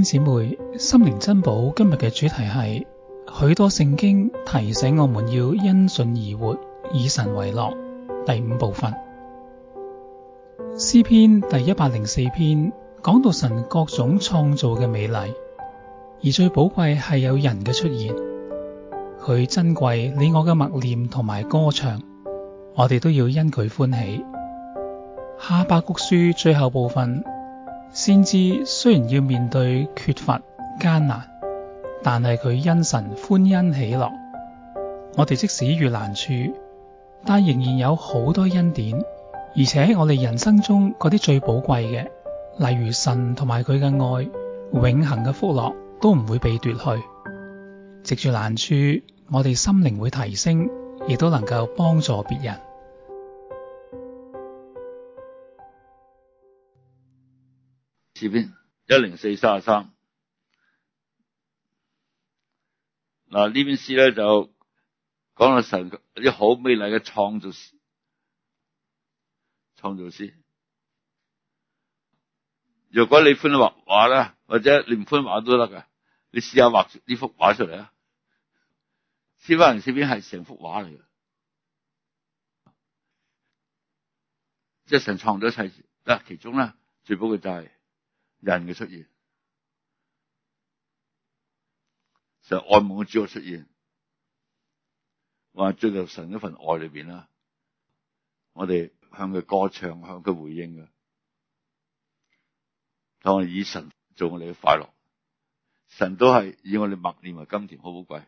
姐妹，心靈珍寶今日嘅主題係許多聖經提醒我們要因信而活，以神為樂。第五部分詩篇第一百零四篇講到神各種創造嘅美麗，而最寶貴係有人嘅出現，佢珍貴你我嘅默念同埋歌唱，我哋都要因佢歡喜。哈巴谷書最後部分。先知雖然要面對缺乏艱難，但係佢因神歡欣喜樂。我哋即使遇難處，但仍然有好多恩典，而且我哋人生中嗰啲最寶貴嘅，例如神同埋佢嘅愛、永恆嘅福樂，都唔會被奪去。藉住難處，我哋心靈會提升，亦都能夠幫助別人。篇一零四三十三。嗱呢篇詩咧就講到神啲好美麗嘅創造詩，創造詩。如果你歡畫畫啦，或者你唔歡畫都得噶，你試下畫呢幅畫出嚟啊！詩巴嚟詩篇係成幅畫嚟嘅，即係神創咗一切。嗱，其中咧最寶貴就係、是。人嘅出現，就愛慕嘅主角出現，話最入神一份愛裏邊啦。我哋向佢歌唱，向佢回應嘅，當以神做我哋嘅快樂。神都係以我哋默念為甘甜好好貴。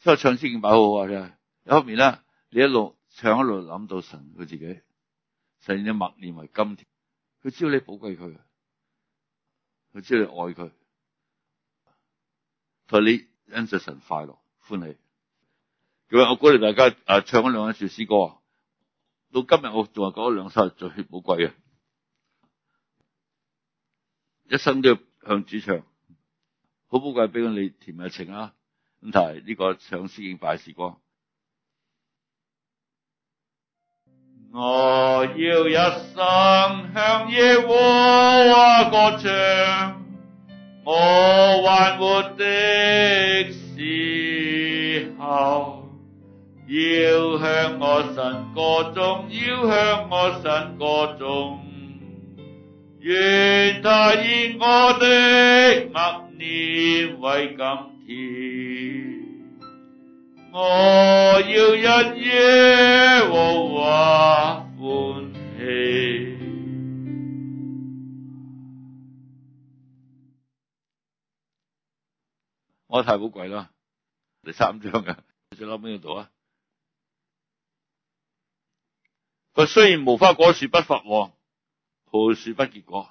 所以唱《千面百好》嘅，一方面啦你一路唱一路諗到神佢自己，使你默念為甘甜。佢知道你寶貴佢，佢知道你愛佢，同你 Enderson 快樂歡喜。咁啊，我鼓勵大家啊、呃、唱咗兩首小詩歌啊，到今日我仲係講咗兩首最寶貴啊，一生都要向主唱，好寶貴俾到你甜埋情啊咁，但係呢個唱詩應拜時光。我要一生向耶和華歌唱，我還活的時候，要向我神歌頌，要向我神歌頌，願他以我的默念為甘甜。我要因耶和華歡喜。我太寶貴啦，第三張噶、啊。你想諗邊度啊？佢雖然無花果樹不發旺，葡萄樹不結果。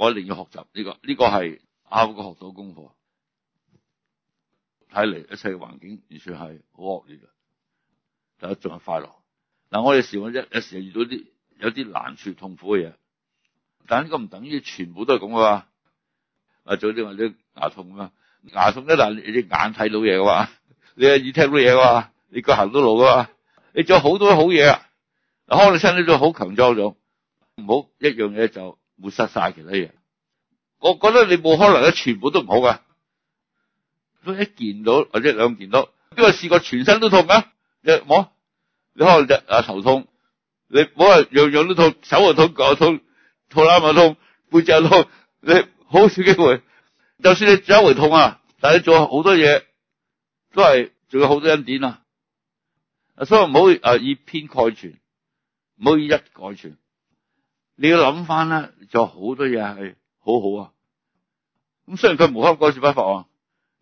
我一定要學習呢、這個，呢、這個係阿偉學到功課。睇嚟一切的環境完全係好惡劣啊！大家仲係快樂。嗱，我哋時我有有時，有時遇到啲有啲難處、痛苦嘅嘢，但呢個唔等於全部都係咁噶。阿早啲話啲牙痛啊，牙痛啫，但你隻眼睇到嘢噶嘛，你嘅耳聽到嘢噶嘛，你個行到路噶嘛，你做好多好嘢啊！康利生呢都好強壯咗，唔好一樣嘢就。會失晒其他嘢，我覺得你冇可能咧，全部都唔好噶。都一件到或者兩件到，邊個試過全身都痛噶？你摸，你可能日啊頭痛，你唔好話樣樣都痛，手又痛，腳痛，肚腩又痛，背脊又痛，你好少機會。就算你只有一回痛啊，但係你做好多嘢都係仲有好多恩典啊。所以唔好啊以偏概全，唔好以一概全。你要諗翻啦，做好多嘢係好好啊。咁雖然佢無心改事不法啊，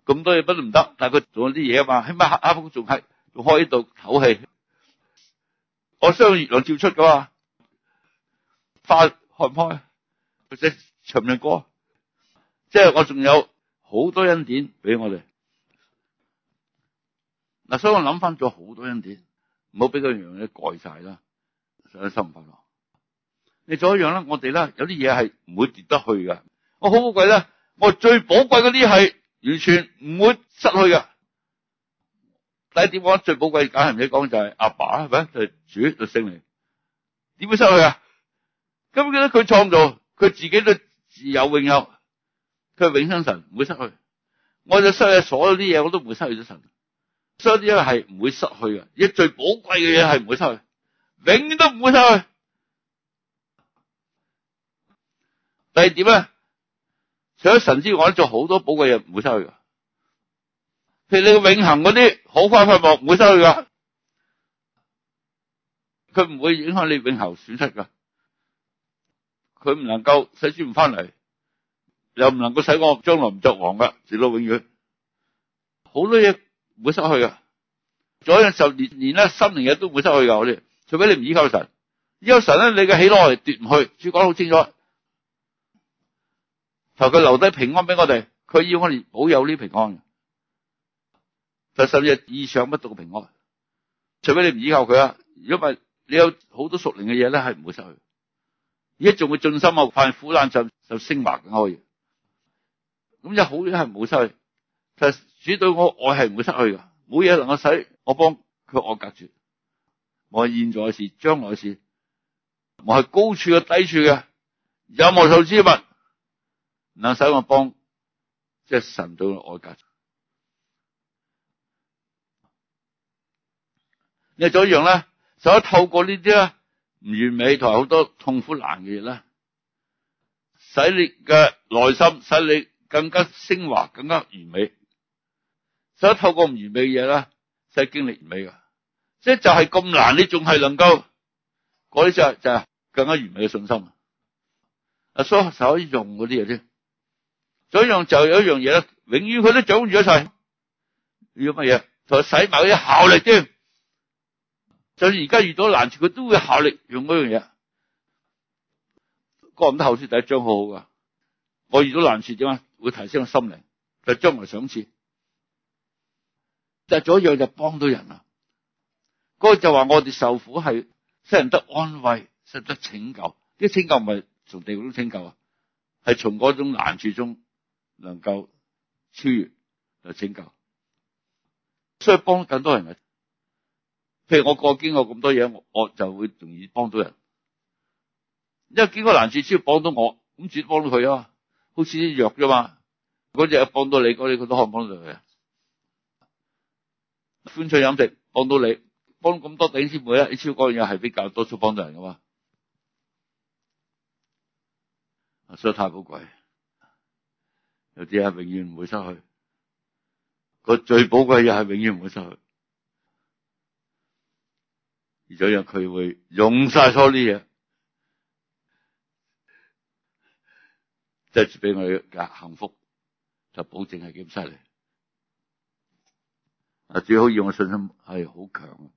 咁多嘢不都唔得，但係佢做咗啲嘢啊嘛，起碼黑黑仲係仲開喺度唞氣。我相月亮照出噶嘛，發開唔開，佢寫長命歌，即係我仲有好多恩典俾我哋。嗱，所以我諗翻咗好多恩典，唔好俾嗰樣嘢蓋晒啦，想得心快樂。你做一樣啦，我哋啦，有啲嘢係唔會跌得去㗎。我好寶貴啦，我最寶貴嗰啲係完全唔會失去㗎。第一點講最寶貴？梗係唔使講就係阿爸係咪？就係、是就是、主就係聖靈。點會失去啊？咁記得佢創造，佢自己都自有永有，佢永生神唔會失去。我就失去所有啲嘢，我都唔會失去咗神。所有啲嘢係唔會失去嘅，一最寶貴嘅嘢係唔會失去，永遠都唔會失去。係點咧？除咗神之外咧，做好多寶貴嘢唔會失去噶。譬如你永恒嗰啲好快快落，唔會失去噶。佢唔會影響你永恒損失噶。佢唔能夠使主唔翻嚟，又唔能夠使我將來唔作王噶，直到永遠。好多嘢唔會失去噶。咗咗時候年咧，心靈嘢都唔會失去噶。我哋，除非你唔依靠神，依靠神咧，你嘅喜樂係奪唔去。主講得好清楚。求佢留低平安俾我哋，佢要我哋保有呢平安的，就甚至意想不到嘅平安。除非你唔依靠佢啦，如果唔係你有好多熟練嘅嘢咧，係唔會失去的。而家仲會盡心啊，凡苦難就就升華以咁有好嘅係唔會失去，就主、是、對我愛係唔會失去噶，冇嘢能夠使我幫佢我隔絕。無論現在事、將來事，無論高處嘅低處嘅，有冇數之物。能使我幫，即係神對我家。你做一樣咧，就可以透過呢啲咧唔完美同埋好多痛苦難嘅嘢咧，使你嘅內心使你更加升華更加完美。所以透過唔完美嘅嘢咧，使經歷完美嘅，即係就係咁難，你仲係能夠嗰啲就就係更加完美嘅信心。阿蘇就可以用嗰啲嘢先。仲有一樣就有一樣嘢咧，永遠佢都掌握住一切。要乜嘢？就使埋嗰啲效力添。就算而家遇到難處，佢都會效力用嗰樣嘢。《哥林多後書》第一章好好噶。我遇到難處點啊？會提升我心靈，就將來賞賜。得咗樣就幫到人啦。哥就話我哋受苦係使人得安慰，使人得拯救。啲拯救唔係從地獄拯救啊，係從嗰種難處中。能夠超越就拯救，所以幫更多人啊。譬如我過經過咁多嘢，我就會容易幫到人。因為經過難處只要幫到我，咁先幫到佢啊。好似啲藥啫嘛，嗰隻幫到你，嗰啲佢都可幫到佢啊。歡暢飲食幫到你，幫咁多弟兄姊妹咧，你超講嘢係比較多數幫到人噶嘛。所以太寶貴。有啲嘢永遠唔會失去，個最寶貴嘅嘢係永遠唔會失去，而咗日佢會用晒所有嘢，即係俾我嘅幸福就保證係幾犀利，啊最好要以我的信心係好強。